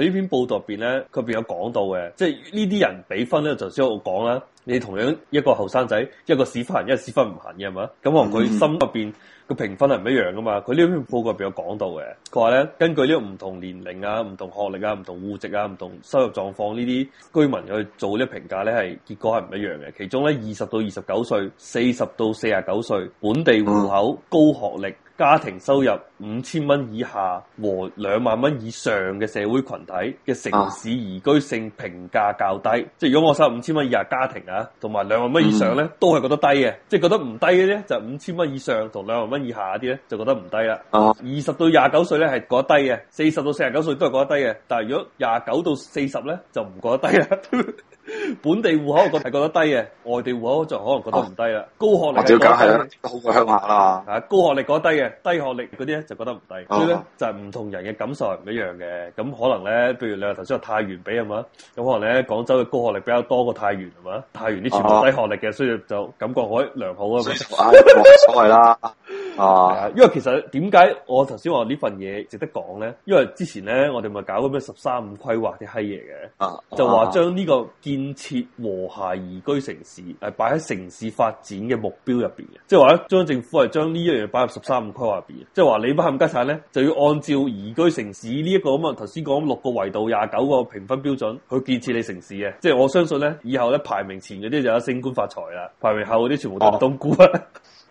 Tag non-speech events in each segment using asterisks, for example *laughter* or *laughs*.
佢呢篇報道入邊咧，佢入邊有講到嘅，即係呢啲人比分咧，頭先我講啦。你同樣一個後生仔，一個屎忽行，一個屎忽唔行嘅係嘛？咁可能佢心入邊個評分係唔一樣噶嘛？佢呢篇報道入邊有講到嘅，佢話咧，根據呢個唔同年齡啊、唔同學歷啊、唔同戶籍啊、唔同收入狀況呢啲居民去做個評價，呢啲評價咧，係結果係唔一樣嘅。其中咧，二十到二十九歲、四十到四十九歲、本地戶口、高學歷。嗯家庭收入五千蚊以下和兩萬蚊以上嘅社會群體嘅城市宜居性評價較低，啊、即係如果我收五千蚊以下家庭啊，同埋兩萬蚊以上咧，都係覺得低嘅，即係覺得唔低嘅咧，就五千蚊以上同兩萬蚊以下嗰啲咧，就覺得唔低啦。二十、啊、到廿九歲咧係覺得低嘅，四十到四十九歲都係覺得低嘅，但係如果廿九到四十咧就唔覺得低啦。 *laughs* 本地戶，本地戶口可能係覺、啊、覺得低嘅，外地戶口就可能覺得唔低啦。高學歷就梗係好過鄉下啦。啊，高學歷覺得低嘅，啊、低學歷嗰啲咧就覺得唔低。啊、所以咧就係、是、唔同人嘅感受係唔一樣嘅。咁可能咧，譬如你頭先話太原比係嘛，咁可能咧廣州嘅高學歷比較多過太原係嘛？太原啲全部低學歷嘅，所以就感覺好良好啊。所以所謂啦。 *laughs* *laughs* 啊，因為其實點解我頭先話呢份嘢值得講咧？因為之前咧我哋咪搞過咩十三五規劃啲閪嘢嘅。啊啊、就話將呢個建設和諧宜居城市係擺喺城市發展嘅目標入邊嘅，即係話咧中央政府係將呢樣嘢擺入十三五規劃入邊，即係話你不冚家產咧就要按照宜居城市呢一個咁啊頭先講六個維度廿九個評分標準去建設你城市嘅，即係我相信咧以後咧排名前嗰啲就有升官發財啦，排名後嗰啲全部都凍冬菇啊！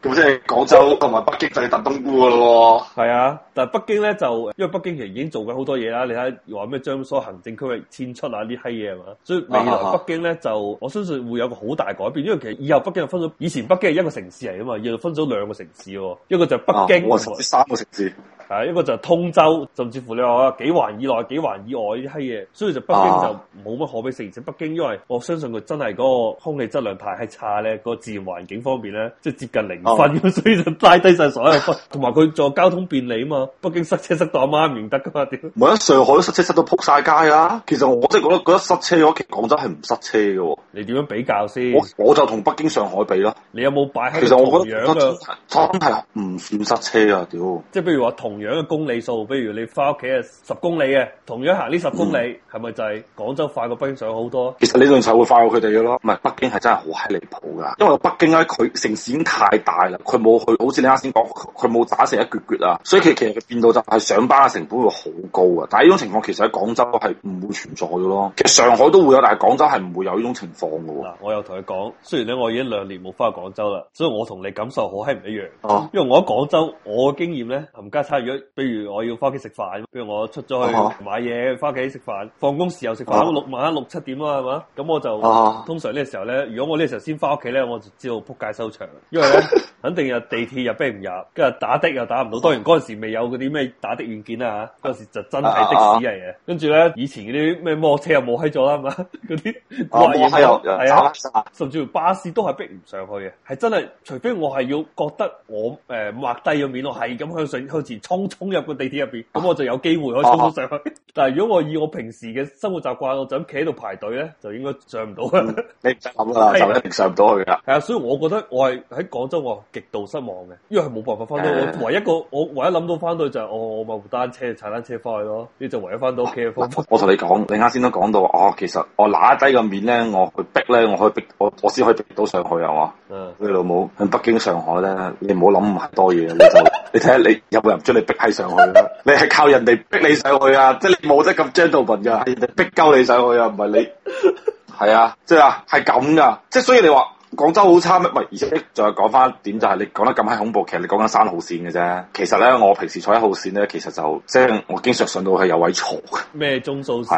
咁即係廣州同埋北京就係特揼冬菇咯喎，係啊！但係北京咧就，因為北京其實已經做緊好多嘢啦。你睇話咩將所謂行政區域遷出啊呢啲閪嘢係嘛，所以未來北京咧、啊啊、就我相信會有個好大改變。因為其實以後北京就分咗，以前北京係一個城市嚟㗎嘛，而家分咗兩個城市，一個就係北京、啊，三個城市。係一個就係通州，甚至乎你話幾環以內、幾環以外啲閪嘢，所以就北京就冇乜可比性。而且北京因為我相信佢真係嗰個空氣質量太差咧，個自然環境方面咧，即係接近零分咁，嗯、所以就拉低晒所有分。同埋佢做交通便利啊嘛，北京塞車塞到阿媽唔認得噶嘛，屌！唔喺上海都塞車塞到仆晒街啊。其實我真係覺得覺得塞車，我其實廣州係唔塞車嘅喎。你點樣比較先？我我就同北京、上海比啦。你有冇擺喺同樣嘅真係唔算塞車啊？屌！即係譬如話同。同樣嘅公里數，比如你翻屋企係十公里嘅，同樣行呢十公里，係咪、嗯、就係廣州快過北京上好多？其實你仲就快過佢哋嘅咯，唔係北京係真係好閪離譜㗎，因為北京咧、啊、佢城市已經太大啦，佢冇去好似你啱先講，佢冇打成一橛橛啊，所以其實佢實變到就係上班嘅成本會好高啊，但係呢種情況其實喺廣州係唔會存在嘅咯，其實上海都會有，但係廣州係唔會有呢種情況㗎喎。嗱、啊，我又同你講，雖然咧我已經兩年冇翻去廣州啦，所以我同你感受好閪唔一樣，啊、因為我喺廣州，我嘅經驗咧，冚家鏟比如我要翻屋企食飯，比如我出咗去買嘢，翻屋企食飯。放工時候食飯，六晚六七點啦，係嘛？咁我就、啊、通常呢時候咧，如果我呢時候先翻屋企咧，我就知道撲街收場，因為咧 *laughs* 肯定又地鐵又逼唔入，跟住打的又打唔到。當然嗰陣時未有嗰啲咩打的軟件啊，嗰陣時就真係的，的士嚟、啊、嘅。跟住咧，以前嗰啲咩摩車又冇喺咗啦，係嘛？嗰啲滑嘢又係啊，嗯、啊甚至乎巴士都係逼唔上去嘅，係真係。除非我係要覺得我誒、呃、抹低個面，我係咁向上向前衝。衝入個地鐵入邊，咁我就有機會可以衝到上去。啊、但係如果我以我平時嘅生活習慣，我就咁企喺度排隊咧，就應該上唔到 *laughs* 的去。你唔使諗啦，就一定上唔到去噶。係啊，所以我覺得我係喺廣州我極度失望嘅，因為係冇辦法翻到、啊。我唯一個、就是哦、我唯一諗到翻到就係我我咪搭單車踩單車翻去咯。你就唯一翻到屋企、啊。 *laughs* 我同你講，你啱先都講到啊、哦，其實我揦低個面咧，我去逼咧，我可以逼我我先可以逼到上去啊嘛。嗯。你老母喺北京、上海咧，你唔好諗咁多嘢，你就 *laughs* 你睇下你有冇人將你。有逼 *laughs* 上去啦，你係靠人哋逼你上去，你你上去你啊！即係你冇得咁 gentleman 噶，人哋逼鳩你上去啊！唔係你，係啊，即係啊，係咁噶，即係所以你話廣州好差咩？唔係，而且再講翻點就係、是、你講得咁閪恐怖，其實你講緊三號線嘅啫。其實咧，我平時坐一號線咧，其實就即係我經常上到係有位坐嘅。咩鐘數先？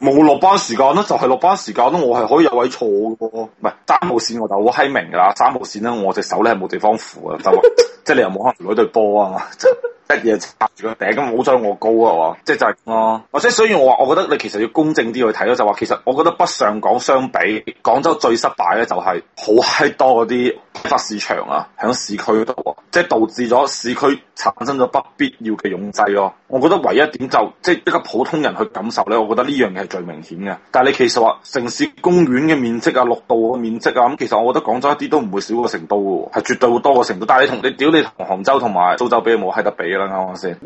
冇落班時間啦，就係、是、落班時間啦，我係可以有位坐嘅。唔係三號線我就好閪明噶啦，三號線咧我隻手咧係冇地方扶嘅，就 *laughs* 即係你又冇可能攞對波啊嘛。一嘢插住個頂咁好彩我高、就是、啊即係就係咁咯，或者所以我話，我覺得你其實要公正啲去睇咯，就話其實我覺得北上廣相比廣州最失敗咧、就是，就係好閪多嗰啲北市場啊，喺市區嗰度，即、就、係、是、導致咗市區產生咗不必要嘅擁擠咯。我覺得唯一,一點就即係、就是、一個普通人去感受咧，我覺得呢樣嘢係最明顯嘅。但係你其實話城市公園嘅面積啊、綠道嘅面積啊，咁其實我覺得廣州一啲都唔會少過成都嘅，係絕對會多過成都。但係你同你屌你同杭州同埋蘇州比，冇閪得比。因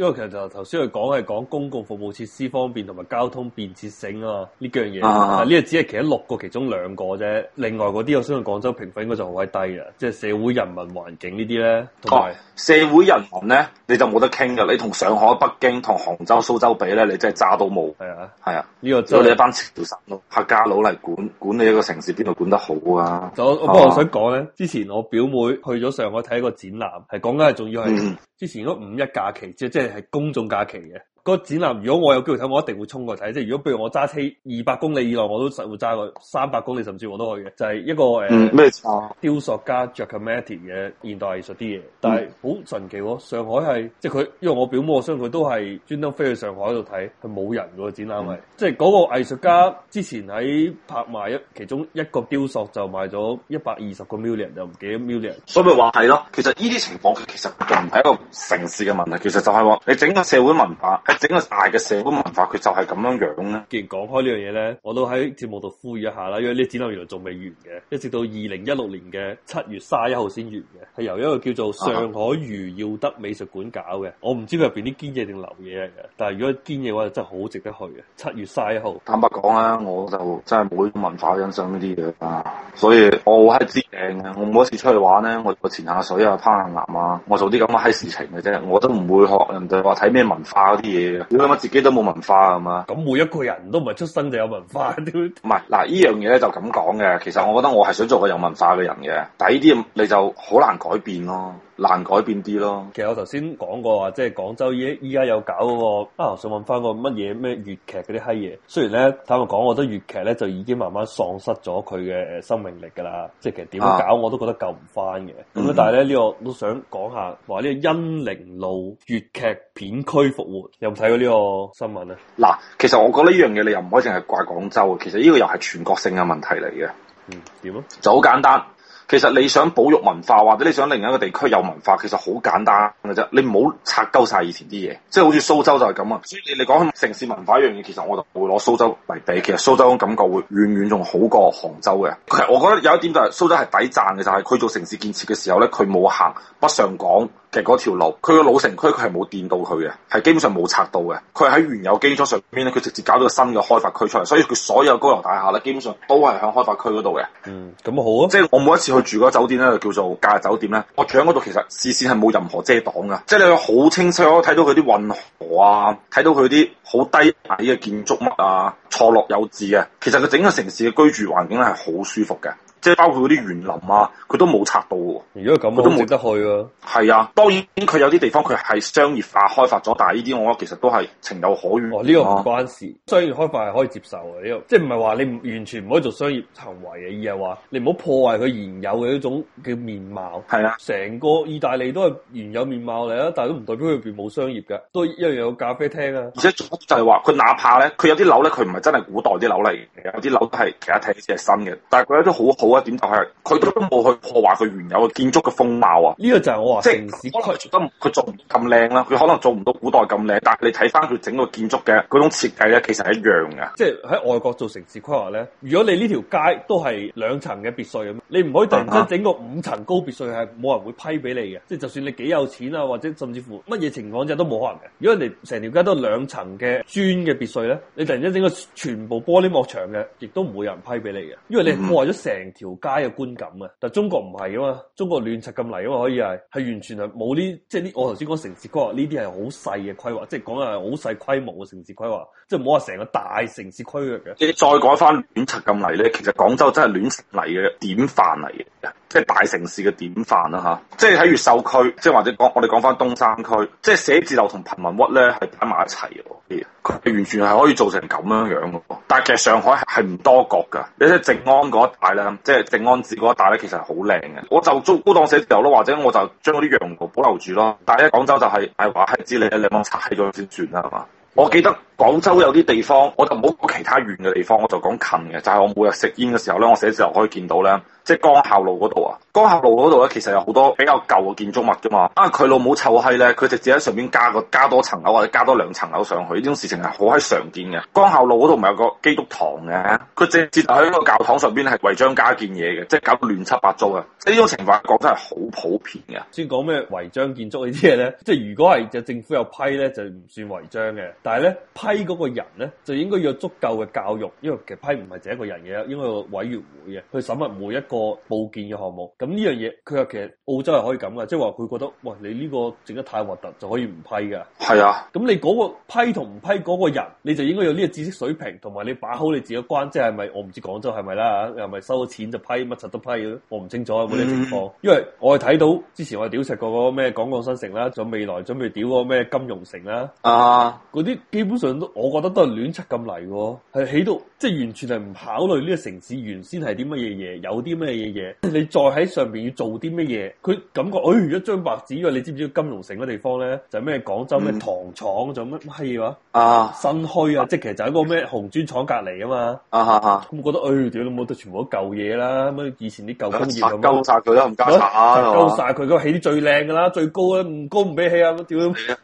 為其實就頭先佢講係講公共服務設施方便同埋交通便捷性啊，呢樣嘢，呢、啊、個只係其中六個其中兩個啫。另外嗰啲我相信廣州評分應該就好鬼低嘅，即係社會人文環境呢啲咧，同埋、啊、社會人文咧你就冇得傾噶。你同上海、北京、同杭州、蘇州比咧，你真係渣到冇。係啊，係啊，呢個因、就是、你一班潮汕咯，客家佬嚟管管理一個城市邊度管得好啊？就我、啊、不過我想講咧，之前我表妹去咗上海睇一個展覽，係講緊係仲要係、嗯。之前嗰五一假期，即係即係公眾假期嘅。個展覽如果我有機會睇，我一定會衝過去睇。即係如果，譬如我揸車二百公里以內，我都實會揸個三百公里，甚至我都去嘅。就係、是、一個誒，咩、嗯、雕塑家 Giacometti 嘅現代藝術啲嘢，但係好神奇。上海係即係佢，因為我表妹，我相信佢都係專登飛去上海度睇。佢冇人、嗯、個展覽係，即係嗰個藝術家之前喺拍賣一其中一個雕塑就賣咗一百二十個 million 就唔記得 million，所以咪話係咯。其實呢啲情況其實唔係一個城市嘅問題，其實就係話你整個社會文化。整個大嘅社會文化，佢就係咁樣樣咧。既然講開呢樣嘢咧，我都喺節目度呼籲一下啦。因為呢展覽原來仲未完嘅，一直到二零一六年嘅七月卅一號先完嘅，係由一個叫做上海余德耀美術館搞嘅。我唔知佢入邊啲堅嘢定流嘢嚟嘅，但係如果堅嘢嘅話，就真係好值得去嘅。七月卅一號，坦白講啦，我就真係冇文化欣賞呢啲嘢啊，所以我好閪知定嘅。我每一次出去玩咧，我我潛下水啊，攀下岩啊，我做啲咁嘅閪事情嘅啫，我都唔會學人哋話睇咩文化嗰啲嘢。你諗下自己都冇文化咁嘛，咁、嗯、每一個人都唔係出生就有文化，都唔係，嗱，呢樣嘢咧就咁講嘅。其實我覺得我係想做個有文化嘅人嘅，但係呢啲你就好難改變咯。難改變啲咯。其實我頭先講過話，即係廣州依家有搞嗰個啊，想問翻個乜嘢咩粵劇嗰啲閪嘢。雖然咧，坦白講，我覺得粵劇咧就已經慢慢喪失咗佢嘅生命力噶啦。即係其實點搞、啊、我都覺得救唔翻嘅。咁、嗯、但係咧呢、這個都想講下話呢個恩寧路粵劇片區復活，有冇睇過呢個新聞咧？嗱，其實我覺得呢樣嘢你又唔可以淨係怪廣州。其實呢個又係全國性嘅問題嚟嘅。嗯，點啊？就好簡單。其實你想保育文化，或者你想另一個地區有文化，其實好簡單嘅啫。你唔好拆鳩晒以前啲嘢，即係好似蘇州就係咁啊。所以你嚟講城市文化一樣嘢，其實我就會攞蘇州嚟比。其實蘇州感覺會遠遠仲好過杭州嘅。其實我覺得有一點就係蘇州係抵讚嘅，就係、是、佢做城市建設嘅時候呢，佢冇行北上廣。其實嗰條路，佢個老城區佢係冇掂到佢嘅，係基本上冇拆到嘅。佢係喺原有基礎上面咧，佢直接搞到個新嘅開發區出嚟，所以佢所有高樓大廈咧，基本上都係喺開發區嗰度嘅。嗯，咁好啊！即係我每一次去住嗰酒店咧，就叫做假日酒店咧，我住喺嗰度，其實視線係冇任何遮擋噶，即係你好清晰咯，睇到佢啲運河啊，睇到佢啲好低矮嘅建築物啊，錯落有致嘅、啊。其實佢整個城市嘅居住環境咧係好舒服嘅。即係包括嗰啲園林啊，佢都冇拆到喎。如果咁，佢都冇得去啊。係啊，當然佢有啲地方佢係商業化開發咗，但係呢啲我覺得其實都係情有可原、啊。呢、哦這個唔關事，商業開發係可以接受嘅。呢、這個即係唔係話你完全唔可以做商業行為嘅，而係話你唔好破壞佢原有嘅一種嘅面貌。係啊，成個意大利都係原有面貌嚟啊，但係都唔代表佢裡面冇商業嘅，都一樣有咖啡廳啊。而且就係話，佢哪怕咧，佢有啲樓咧，佢唔係真係古代啲樓嚟嘅，啊、有啲樓都係其實睇起嚟係新嘅，但係佢都好好。冇一點就係佢都冇去破壞佢原有嘅建築嘅風貌啊！呢個就係我話城市可能做得佢做唔到咁靚啦，佢可能做唔到古代咁靚。但係你睇翻佢整個建築嘅嗰種設計咧，其實係一樣嘅。即係喺外國做城市規劃咧，如果你呢條街都係兩層嘅別墅咁，你唔可以突然間整個五層高別墅係冇人會批俾你嘅。即係就算你幾有錢啊，或者甚至乎乜嘢情況之下都冇可能嘅。如果你成條街都係兩層嘅磚嘅別墅咧，你突然間整個全部玻璃幕牆嘅，亦都唔會有人批俾你嘅，因為你破壞咗成條街嘅觀感啊，但係中國唔係啊嘛，中國亂拆咁嚟啊嘛，可以係係完全係冇呢，即係呢，我頭先講城市規劃呢啲係好細嘅規劃，即係講係好細規模嘅城市規劃，即係唔好話成個大城市區域嘅。再講返亂拆咁嚟咧，其實廣州真係亂嚟嘅，典範嚟嘅。即係大城市嘅典範啦，吓！即係喺越秀區，即係或者講我哋講翻東山區，即係寫字樓同貧民窟咧係擺埋一齊嘅，佢完全係可以做成咁樣樣嘅。但係其實上海係唔多角噶，你睇靜安嗰一帶咧，即係靜安寺嗰一帶咧，其實係好靚嘅。我就租高檔寫字樓咯，或者我就將嗰啲洋房保留住咯。但係喺廣州就係係話係知你你幫拆咗先算啦，係嘛？我記得。廣州有啲地方，我就冇其他遠嘅地方，我就講近嘅。就係、是、我每日食煙嘅時候咧，我寫字樓可以見到咧，即係江孝路嗰度啊。江孝路嗰度咧，其實有好多比較舊嘅建築物㗎嘛。啊，佢老母臭閪咧，佢直接喺上面加個加多層樓或者加多兩層樓上去，呢種事情係好閪常見嘅。江孝路嗰度唔係有個基督堂嘅？佢直接喺個教堂上邊咧係違章加建嘢嘅，即係搞到亂七八糟啊！呢種情況，講真係好普遍嘅。先講咩違章建築呢啲嘢咧，即、就、係、是、如果係就政府有批咧，就唔算違章嘅。但係咧批嗰個人咧就應該有足夠嘅教育，因為其實批唔係只一個人嘅，應該有個委員會嘅去審核每一個報建嘅項目。咁呢樣嘢佢話其實澳洲係可以咁嘅，即係話佢覺得喂，你呢個整得太核突就可以唔批噶。係啊，咁你嗰個批同唔批嗰個人，你就應該有呢個知識水平，同埋你把好你自己關，即係咪我唔知廣州係咪啦又咪收咗錢就批乜柒都批咯？我唔清楚有冇呢個情況，嗯、因為我係睇到之前我係屌食過嗰個咩廣鋼新城啦，仲有未來準備屌個咩金融城啦，啊，嗰啲基本上。我覺得都係亂七咁嚟。哦，係起到即係完全係唔考慮呢個城市原先係啲乜嘢嘢，有啲乜嘢嘢，你再喺上邊要做啲乜嘢？佢感覺，誒、哎，如果張白紙。你知唔知金融城嗰地方咧，就係咩廣州咩糖廠，仲、嗯、有乜閪嘢啊？啊，新墟啊，即係其實就係一個咩紅磚廠隔籬啊嘛。啊啊啊！咁、啊啊、覺得，誒、哎，屌你冇得，全部都舊嘢啦。以前啲舊工業咁，拆晒佢啦，唔加拆啊，晒佢個起最靚噶啦，最高咧，唔高唔俾起啊，屌，係啊，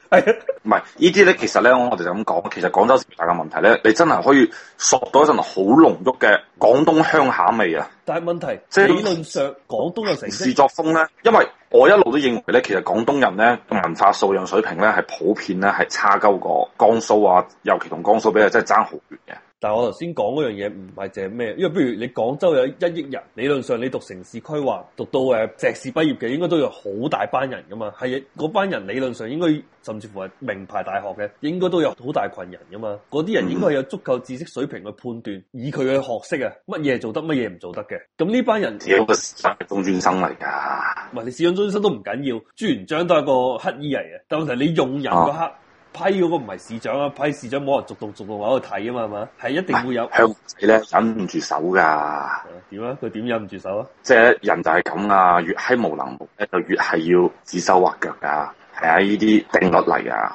唔係 *laughs* 呢啲咧，其實咧，我哋就咁講，就廣州市大嘅問題咧，你真係可以索到一陣好濃郁嘅廣東鄉下味啊！但係問題，即係理論上廣東嘅城市作風咧，因為我一路都認為咧，其實廣東人咧，文化素養水平咧，係普遍咧係差鳩過江蘇啊，尤其同江蘇比較，真係爭好遠嘅。但係我頭先講嗰樣嘢唔係淨係咩，因為不如你廣州有一億人，理論上你讀城市規劃讀到誒碩士畢業嘅，應該都有好大班人噶嘛，係嗰班人理論上應該甚至乎係名牌大學嘅，應該都有好大群人噶嘛，嗰啲人應該係有足夠知識水平去判斷，以佢嘅學識啊，乜嘢做得，乜嘢唔做得嘅。咁呢班人，你有個市長係中專生嚟噶，唔係 *laughs* 你市長中專生都唔緊要，朱元璋都係個乞衣嚟嘅，但係你用人嗰刻，啊批嗰個唔係市長啊，批市長冇人逐度逐度話去睇啊嘛，係一定會有。鄉仔咧忍唔住手㗎。點啊？佢點忍唔住手啊？即係人就係咁啊，越係無能無力，就越係要指手劃腳㗎。係啊，呢啲定律嚟啊。